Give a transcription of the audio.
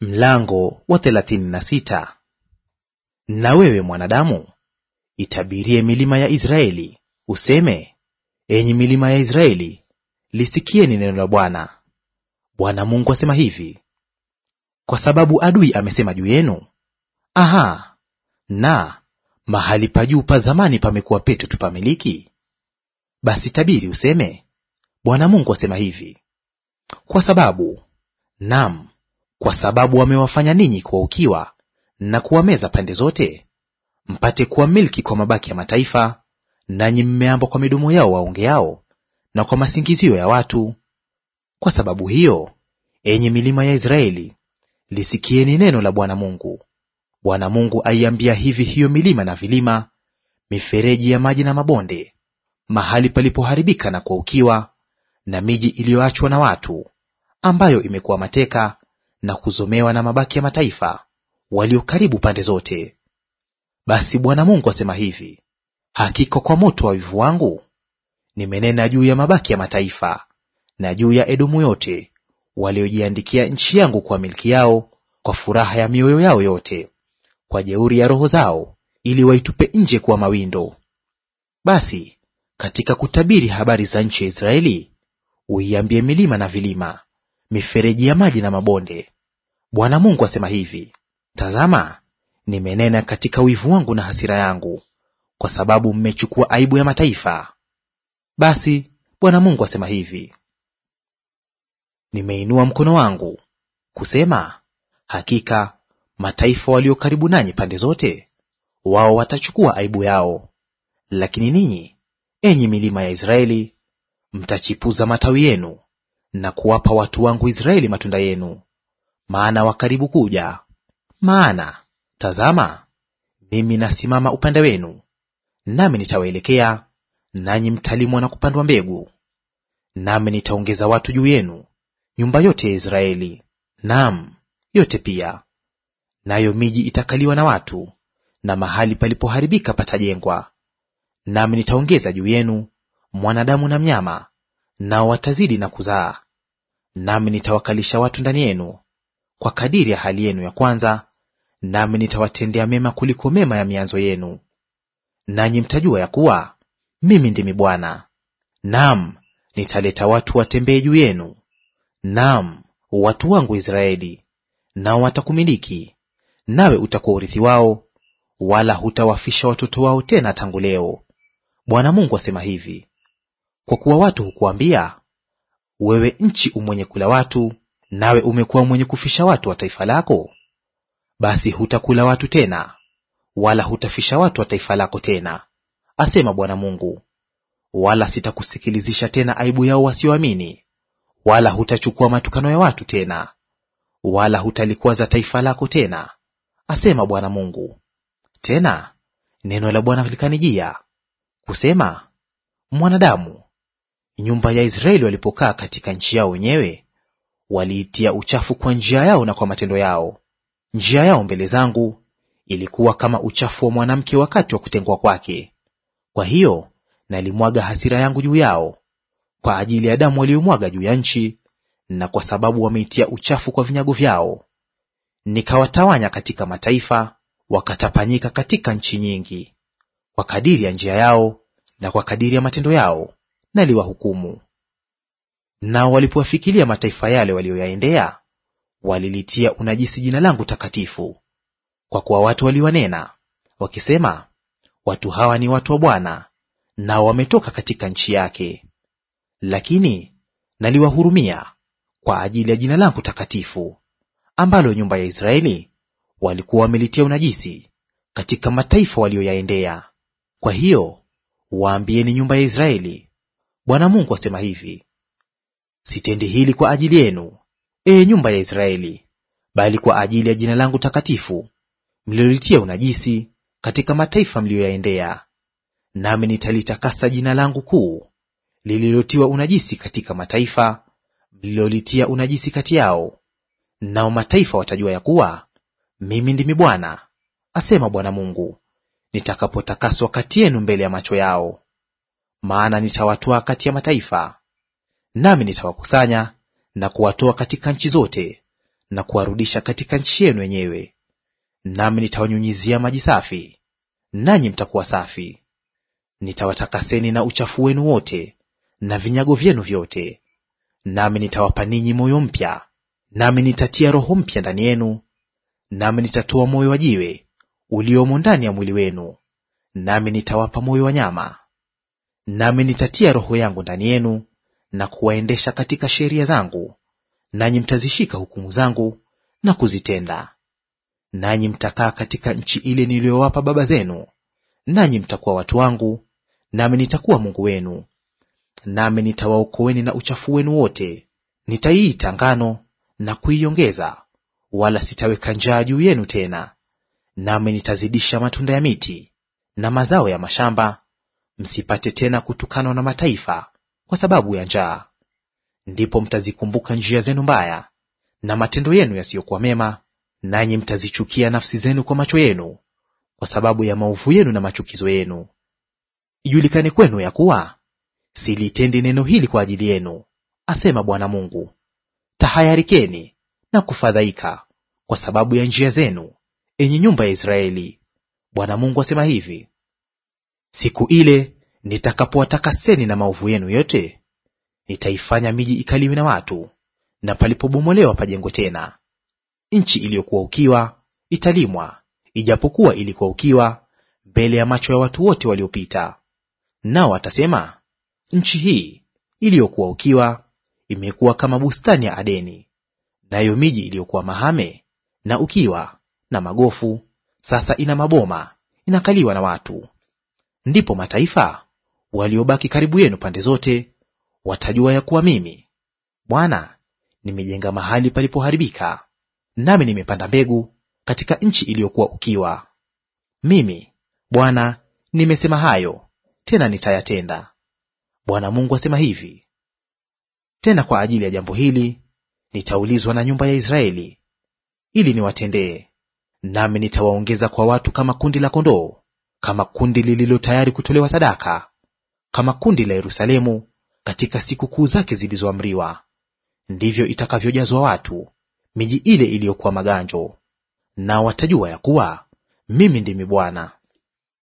Mlango wa thelathini na sita. Na wewe mwanadamu, itabirie milima ya Israeli useme, enyi milima ya Israeli, lisikieni neno la Bwana. Bwana Mungu asema hivi: kwa sababu adui amesema juu yenu, aha, na mahali pa juu pa zamani pamekuwa petu tupamiliki, basi tabiri useme, Bwana Mungu asema hivi: kwa sababu nam kwa sababu wamewafanya ninyi kuwa ukiwa na kuwameza pande zote, mpate kuwa milki kwa mabaki ya mataifa, nanyi mmeambwa kwa midomo yao waongeao na kwa masingizio ya watu. Kwa sababu hiyo, enye milima ya Israeli, lisikieni neno la Bwana Mungu. Bwana Mungu aiambia hivi hiyo milima na vilima, mifereji ya maji na mabonde, mahali palipoharibika na kwa ukiwa, na miji iliyoachwa na watu, ambayo imekuwa mateka na kuzomewa na mabaki ya mataifa walio karibu pande zote. Basi Bwana Mungu asema hivi, hakika kwa moto wa wivu wangu nimenena juu ya mabaki ya mataifa na juu ya Edomu yote waliojiandikia nchi yangu kwa milki yao, kwa furaha ya mioyo yao yote, kwa jeuri ya roho zao, ili waitupe nje kuwa mawindo. Basi katika kutabiri habari za nchi ya Israeli, uiambie milima na vilima, mifereji ya maji na mabonde. Bwana Mungu asema hivi: Tazama, nimenena katika wivu wangu na hasira yangu, kwa sababu mmechukua aibu ya mataifa. Basi Bwana Mungu asema hivi: Nimeinua mkono wangu kusema, hakika mataifa walio karibu nanyi pande zote, wao watachukua aibu yao. Lakini ninyi, enyi milima ya Israeli, mtachipuza matawi yenu na kuwapa watu wangu Israeli matunda yenu, maana wakaribu kuja. Maana tazama, mimi nasimama upande wenu, nami nitawaelekea, nanyi mtalimwa na kupandwa mbegu, nami nitaongeza watu juu yenu, nyumba yote ya Israeli, naam yote pia. Nayo miji itakaliwa na watu, na mahali palipoharibika patajengwa. Nami nitaongeza juu yenu mwanadamu na mnyama nao watazidi na kuzaa, nami nitawakalisha watu ndani yenu kwa kadiri ya hali yenu ya kwanza, nami nitawatendea mema kuliko mema ya mianzo yenu. Nanyi mtajua ya kuwa mimi ndimi Bwana. Naam, nitaleta watu watembee juu yenu, naam, watu wangu Israeli, nao watakumiliki, nawe utakuwa urithi wao, wala hutawafisha watoto wao tena tangu leo. Bwana Mungu asema hivi. Kwa kuwa watu hukuambia, wewe nchi umwenye kula watu, nawe umekuwa mwenye kufisha watu wa taifa lako, basi hutakula watu tena, wala hutafisha watu wa taifa lako tena, asema Bwana Mungu. Wala sitakusikilizisha tena aibu yao wasioamini, wala hutachukua matukano ya watu tena, wala hutalikuwaza taifa lako tena, asema Bwana Mungu. Tena neno la Bwana likanijia kusema, mwanadamu nyumba ya Israeli walipokaa katika nchi yao wenyewe, waliitia uchafu kwa njia yao na kwa matendo yao. Njia yao mbele zangu ilikuwa kama uchafu wa mwanamke wakati wa kutengwa kwake. Kwa hiyo nalimwaga hasira yangu juu yao kwa ajili ya damu waliyomwaga juu ya nchi, na kwa sababu wameitia uchafu kwa vinyago vyao. Nikawatawanya katika mataifa, wakatapanyika katika nchi nyingi, kwa kadiri ya njia yao na kwa kadiri ya matendo yao na liwahukumu. Nao walipowafikilia mataifa yale walioyaendea, walilitia unajisi jina langu takatifu, kwa kuwa watu waliwanena wakisema, watu hawa ni watu wa Bwana, nao wametoka katika nchi yake. Lakini naliwahurumia kwa ajili ya jina langu takatifu, ambalo nyumba ya Israeli walikuwa wamelitia unajisi katika mataifa walioyaendea. Kwa hiyo waambieni nyumba ya Israeli, Bwana Mungu asema hivi, sitendi hili kwa ajili yenu, ee nyumba ya Israeli, bali kwa ajili ya jina langu takatifu mlilolitia unajisi katika mataifa mliyoyaendea. Nami nitalitakasa jina langu kuu lililotiwa unajisi katika mataifa mlilolitia unajisi kati yao, nao mataifa watajua ya kuwa mimi ndimi Bwana, asema Bwana Mungu, nitakapotakaswa kati yenu mbele ya macho yao maana nitawatoa kati ya mataifa, nami nitawakusanya na kuwatoa katika nchi zote na kuwarudisha katika nchi yenu wenyewe. Nami nitawanyunyizia maji safi, nanyi mtakuwa safi; nitawatakaseni na uchafu wenu wote na vinyago vyenu vyote. Nami nitawapa ninyi moyo mpya, nami nitatia roho mpya ndani yenu, nami nitatoa moyo wa jiwe uliomo ndani ya mwili wenu, nami nitawapa moyo wa nyama, Nami nitatia roho yangu ndani yenu na kuwaendesha katika sheria zangu, nanyi mtazishika hukumu zangu na kuzitenda. Nanyi mtakaa katika nchi ile niliyowapa baba zenu, nanyi mtakuwa watu wangu, nami nitakuwa Mungu wenu. Nami nitawaokoeni na uchafu wenu wote. Nitaiita ngano na kuiongeza, wala sitaweka njaa juu yenu tena. Nami nitazidisha matunda ya miti na mazao ya mashamba msipate tena kutukanwa na mataifa kwa sababu ya njaa. Ndipo mtazikumbuka njia zenu mbaya na matendo yenu yasiyokuwa mema, nanyi mtazichukia nafsi zenu kwa macho yenu, kwa sababu ya maovu yenu na machukizo yenu. Ijulikane kwenu ya kuwa silitendi neno hili kwa ajili yenu, asema Bwana Mungu. Tahayarikeni na kufadhaika kwa sababu ya njia zenu, enyi nyumba ya Israeli. Bwana Mungu asema hivi: Siku ile nitakapowatakaseni na maovu yenu yote, nitaifanya miji ikaliwe na watu, na palipobomolewa pajengwe tena. Nchi iliyokuwa ukiwa italimwa, ijapokuwa ilikuwa ukiwa mbele ya macho ya watu wote waliopita. Nao watasema, nchi hii iliyokuwa ukiwa imekuwa kama bustani ya Adeni. Nayo miji iliyokuwa mahame na ukiwa na magofu sasa ina maboma, inakaliwa na watu. Ndipo mataifa waliobaki karibu yenu pande zote watajua ya kuwa mimi Bwana nimejenga mahali palipoharibika, nami nimepanda mbegu katika nchi iliyokuwa ukiwa. Mimi Bwana nimesema hayo, tena nitayatenda. Bwana Mungu asema hivi: tena kwa ajili ya jambo hili nitaulizwa na nyumba ya Israeli ili niwatendee, nami nitawaongeza kwa watu kama kundi la kondoo kama kundi lililo tayari kutolewa sadaka, kama kundi la Yerusalemu katika sikukuu zake zilizoamriwa, ndivyo itakavyojazwa watu miji ile iliyokuwa maganjo. Nao watajua ya kuwa mimi ndimi Bwana.